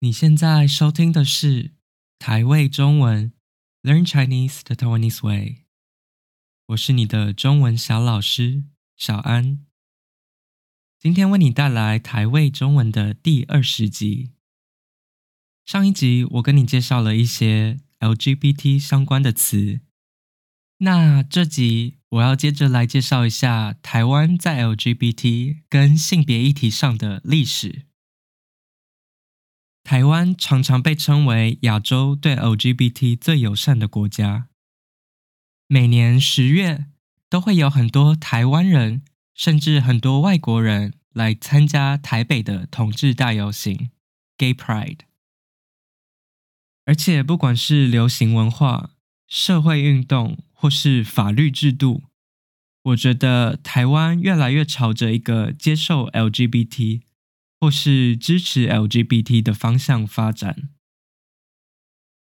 你現在收聽的是台味中文 Learn Chinese the Taiwanese Way，我是你的中文小老師小安。今天為你帶來台味中文的第二十集。上一集我跟你介紹了一些 LGBT 相關的詞，那這集我要接着來介紹一下台灣在 LGBT 跟性別議題上的歷史。台灣常常被稱為亞洲對 LGBT 最友善的國家。每年十月都會有很多台灣人，甚至很多外國人來參加台北的同志大遊行 （Gay Pride）。而且，不管是流行文化、社會運動，或是法律制度，我覺得台灣越來越朝着一個接受 LGBT。或是支持 LGBT 的方向發展，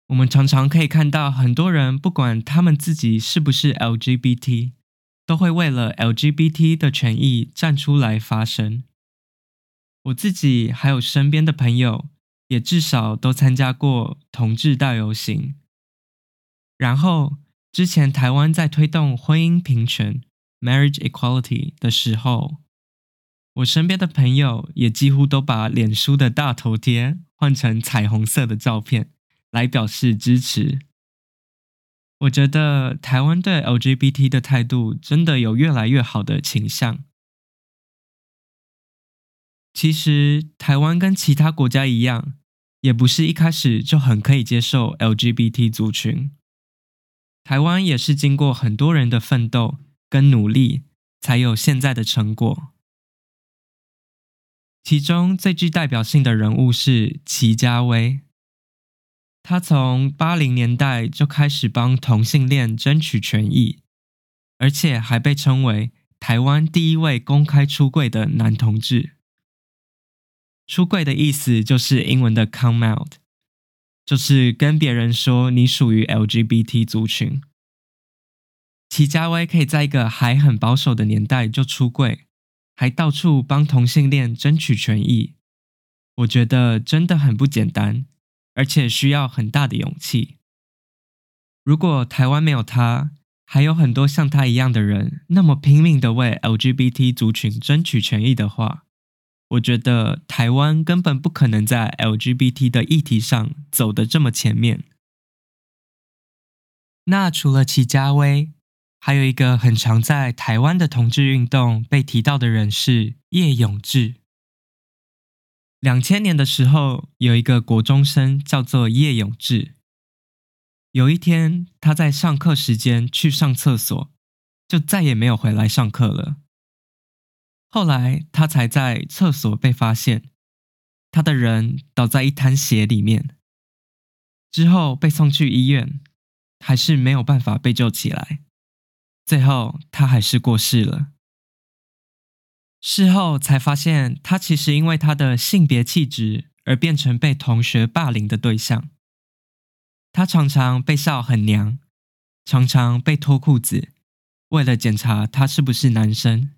我們常常可以看到很多人，不管他們自己是不是 LGBT，都會為了 LGBT 的權益站出來發聲。我自己還有身邊的朋友，也至少都參加過同志大遊行。然後之前台灣在推動婚姻平權 （Marriage Equality） 的時候，我身邊的朋友也幾乎都把臉書的大頭貼換成彩虹色的照片，來表示支持。我覺得台灣對 LGBT 的態度真的有越來越好的傾向。其實，台灣跟其他國家一樣，也不是一開始就很可以接受 LGBT 族群。台灣也是經過很多人的奮鬥跟努力，才有現在的成果。其中最具代表性的人物是祁家威，他從八零年代就開始幫同性戀爭取權益，而且還被稱為台灣第一位公開出櫃的男同志。出櫃的意思就是英文的 come out，就是跟別人說你屬於 LGBT 族群。祁家威可以在一個還很保守的年代就出櫃。還到處幫同性戀爭取權益，我覺得真的很不簡單，而且需要很大的勇氣。如果台灣沒有他，還有很多像他一樣的人那麼拼命的為 LGBT 族群爭取權益的話，我覺得台灣根本不可能在 LGBT 的議題上走得這麼前面。那除了祁家威，還有一個很常在台灣的同志運動被提到的人是葉永鋕。兩千年的時候，有一個國中生叫做葉永鋕。有一天，他在上課時間去上廁所，就再也沒有回來上課了。後來他才在廁所被發現，他的人倒在一灘血裡面，之後被送去醫院，還是沒有辦法被救起來。最後，他還是過世了。事後才發現，他其實因為他的性別氣質而變成被同學霸凌的對象。他常常被笑很娘，常常被脫褲子，為了檢查他是不是男生。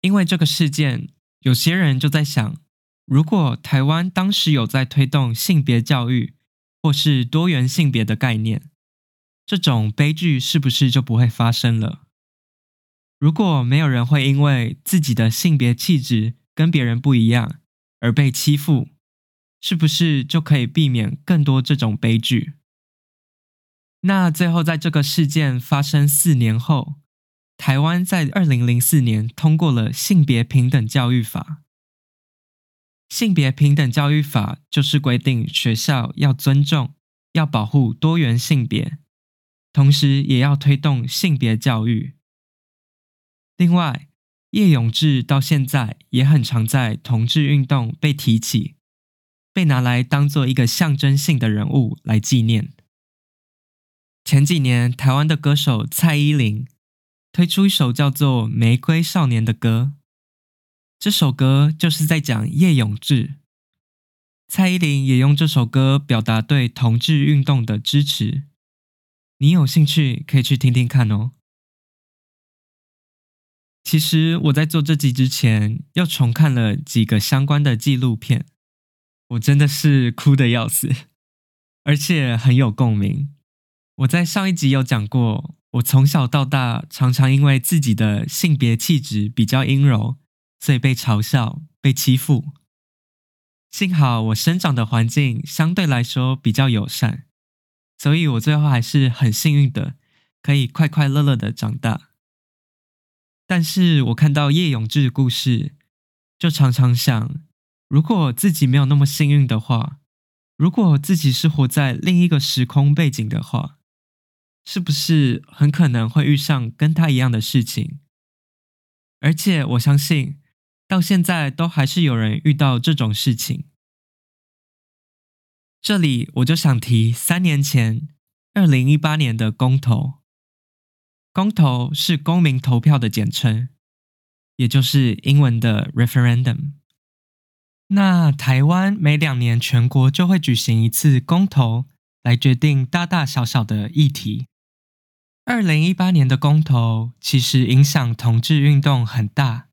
因為這個事件，有些人就在想，如果台灣當時有在推動性別教育，或是多元性別的概念，這種悲劇是不是就不會發生了？如果沒有人會因為自己的性別氣質跟別人不一樣而被欺負，是不是就可以避免更多這種悲劇？那最後，在這個事件發生四年後，台灣在二零零四年通過了《性別平等教育法》。《性別平等教育法》就是規定學校要尊重、要保護多元性別。同時也要推動性別教育。另外，葉永鋕到現在也很常在同志運動被提起，被拿來當做一個象徵性的人物來紀念。前幾年，台灣的歌手蔡依林推出一首叫做《玫瑰少年》的歌，這首歌就是在講葉永鋕。蔡依林也用這首歌表達對同志運動的支持。你有興趣可以去聽聽看哦。其實我在做這集之前，又重看了幾個相關的紀錄片，我真的是哭得要死，而且很有共鳴。我在上一集有講過，我從小到大常常因為自己的性別氣質比較陰柔，所以被嘲笑、被欺負。幸好我生長的環境相對來說比較友善。所以，我最後還是很幸運的，可以快快樂樂的長大。但是我看到葉永鋕的故事，就常常想，如果自己沒有那麼幸運的話，如果自己是活在另一個時空背景的話，是不是很可能會遇上跟他一樣的事情？而且，我相信到現在都還是有人遇到這種事情。這裡我就想提三年前，二零一八年的公投。公投是公民投票的簡稱，也就是英文的 referendum。那台灣每兩年全國就會舉行一次公投，來決定大大小小的議題。二零一八年的公投其實影響同志運動很大，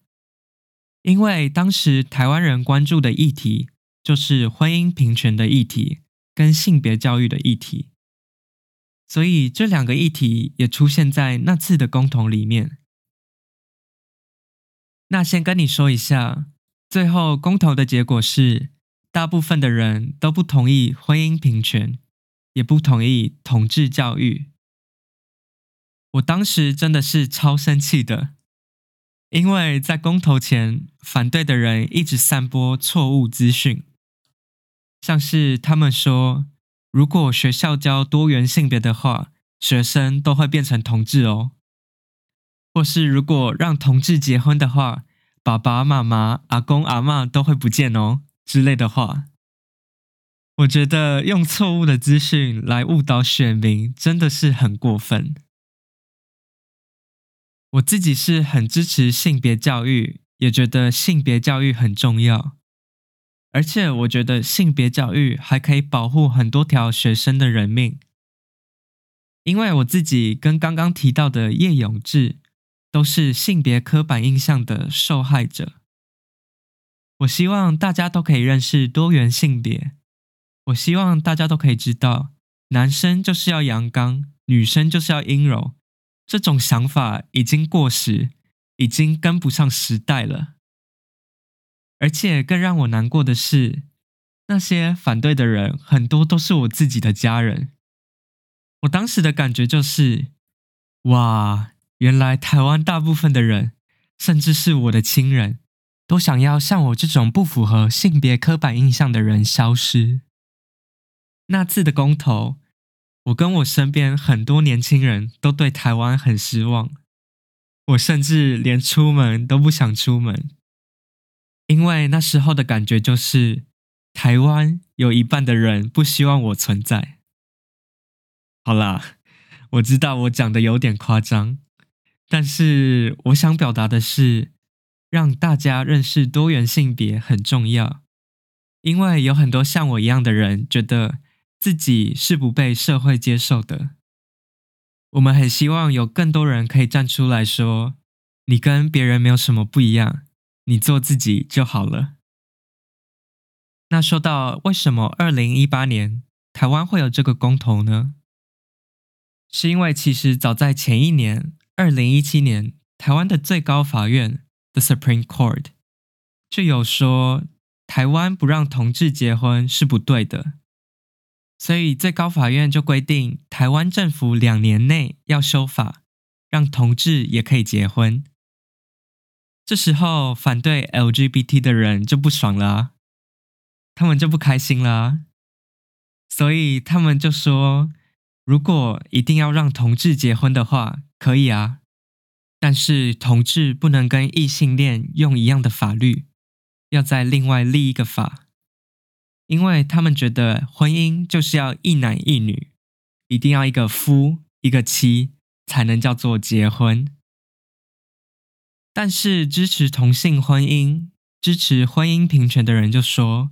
因為當時台灣人關注的議題就是婚姻平權的議題。跟性別教育的議題，所以這兩個議題也出現在那次的公投裡面。那先跟你說一下，最後公投的結果是，大部分的人都不同意婚姻平權，也不同意同志教育。我當時真的是超生氣的，因為在公投前，反對的人一直散播錯誤資訊。像是他們說，如果學校教多元性別的話，學生都會變成同志哦；或是如果讓同志結婚的話，爸爸、媽媽、阿公、阿嬤都會不見哦，之類的話，我覺得用錯誤的資訊來誤導選民真的是很過分。我自己是很支持性別教育，也覺得性別教育很重要。而且我覺得性別教育還可以保護很多條學生的人命，因為我自己跟剛剛提到的葉永鋕都是性別刻板印象的受害者。我希望大家都可以認識多元性別，我希望大家都可以知道，男生就是要陽剛，女生就是要陰柔，這種想法已經過時，已經跟不上時代了。而且更讓我難過的是，那些反對的人很多都是我自己的家人。我當時的感覺就是，哇，原來台灣大部分的人，甚至是我的親人，都想要像我這種不符合性別刻板印象的人消失。那次的公投，我跟我身邊很多年輕人都對台灣很失望，我甚至連出門都不想出門。因為那時候的感覺就是，台灣有一半的人不希望我存在。好啦，我知道我講的有點誇張，但是我想表達的是，讓大家認識多元性別很重要，因為有很多像我一樣的人，覺得自己是不被社會接受的。我們很希望有更多人可以站出來說，你跟別人沒有什麼不一樣。你做自己就好了。那說到為什麼二零一八年台灣會有這個公投呢？是因為其實早在前一年，二零一七年，台灣的最高法院 The Supreme Court 就有說，台灣不讓同志結婚是不對的。所以最高法院就規定，台灣政府兩年內要修法，讓同志也可以結婚。這時候，反對 LGBT 的人就不爽了啊，他們就不開心了啊，所以他們就說：“如果一定要讓同志結婚的話，可以啊，但是同志不能跟異性戀用一樣的法律，要再另外立一個法，因為他們覺得婚姻就是要一男一女，一定要一個夫一個妻才能叫做結婚。”但是支持同性婚姻、支持婚姻平權的人就說：“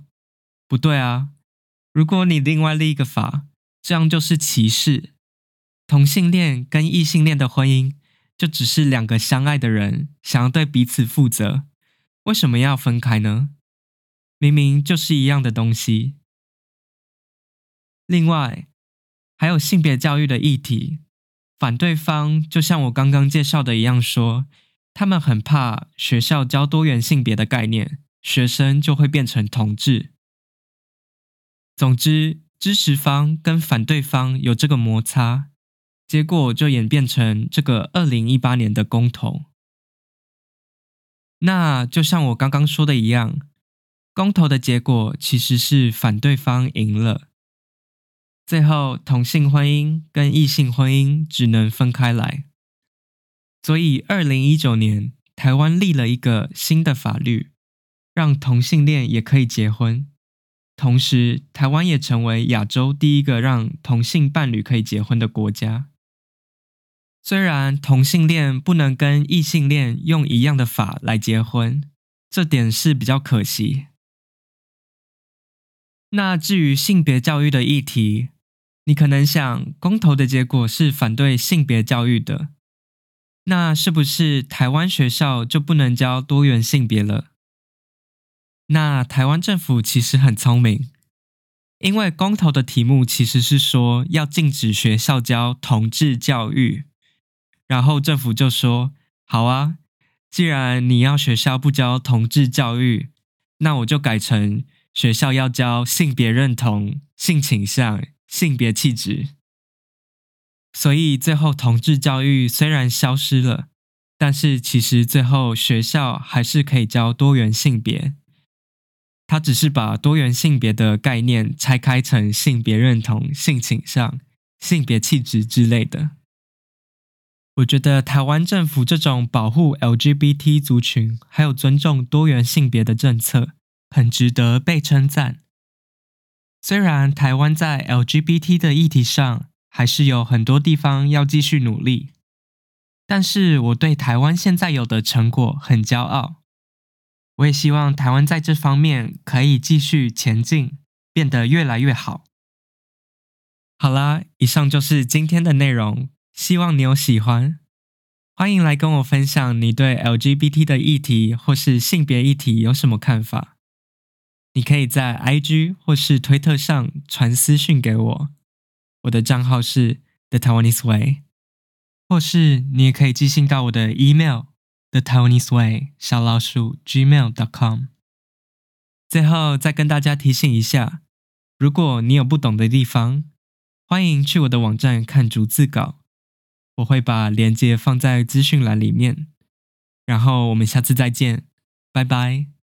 不對啊，如果你另外立一個法，這樣就是歧視。同性戀跟異性戀的婚姻，就只是兩個相愛的人想要對彼此負責，為什麼要分開呢？明明就是一樣的東西。”另外，還有性別教育的議題，反對方就像我剛剛介紹的一樣說。他們很怕學校教多元性別的概念，學生就會變成同志。總之，支持方跟反對方有這個摩擦，結果就演變成這個二零一八年的公投。那就像我剛剛說的一樣，公投的結果其實是反對方贏了，最後同性婚姻跟異性婚姻只能分開來。所以，二零一九年，台灣立了一個新的法律，讓同性戀也可以結婚。同時，台灣也成為亞洲第一個讓同性伴侶可以結婚的國家。雖然同性戀不能跟異性戀用一樣的法來結婚，這點是比較可惜。那至於性別教育的議題，你可能想，公投的結果是反對性別教育的。那是不是台灣學校就不能教多元性別了？那台灣政府其實很聰明，因為公投的題目其實是說要禁止學校教同志教育，然後政府就說好啊，既然你要學校不教同志教育，那我就改成學校要教性別認同、性傾向、性別氣質。所以最後，同志教育雖然消失了，但是其實最後學校還是可以教多元性別，他只是把多元性別的概念拆開成性別認同、性傾向、性別氣質之類的。我覺得台灣政府這種保護 LGBT 族群還有尊重多元性別的政策，很值得被稱讚。雖然台灣在 LGBT 的議題上，還是有很多地方要繼續努力，但是我對台灣現在有的成果很驕傲。我也希望台灣在這方面可以繼續前進，變得越來越好。好啦，以上就是今天的內容，希望你有喜歡。歡迎來跟我分享你對 LGBT 的議題或是性別議題有什麼看法。你可以在 IG 或是推特上傳私訊給我。我的賬號是 The Taiwanese Way，或是你也可以寄信到我的 email thetaiwaneseway 小老鼠 gmail dot com。最後再跟大家提醒一下，如果你有不懂的地方，歡迎去我的網站看逐字稿，我會把連結放在資訊欄裡面。然後我們下次再見，拜拜。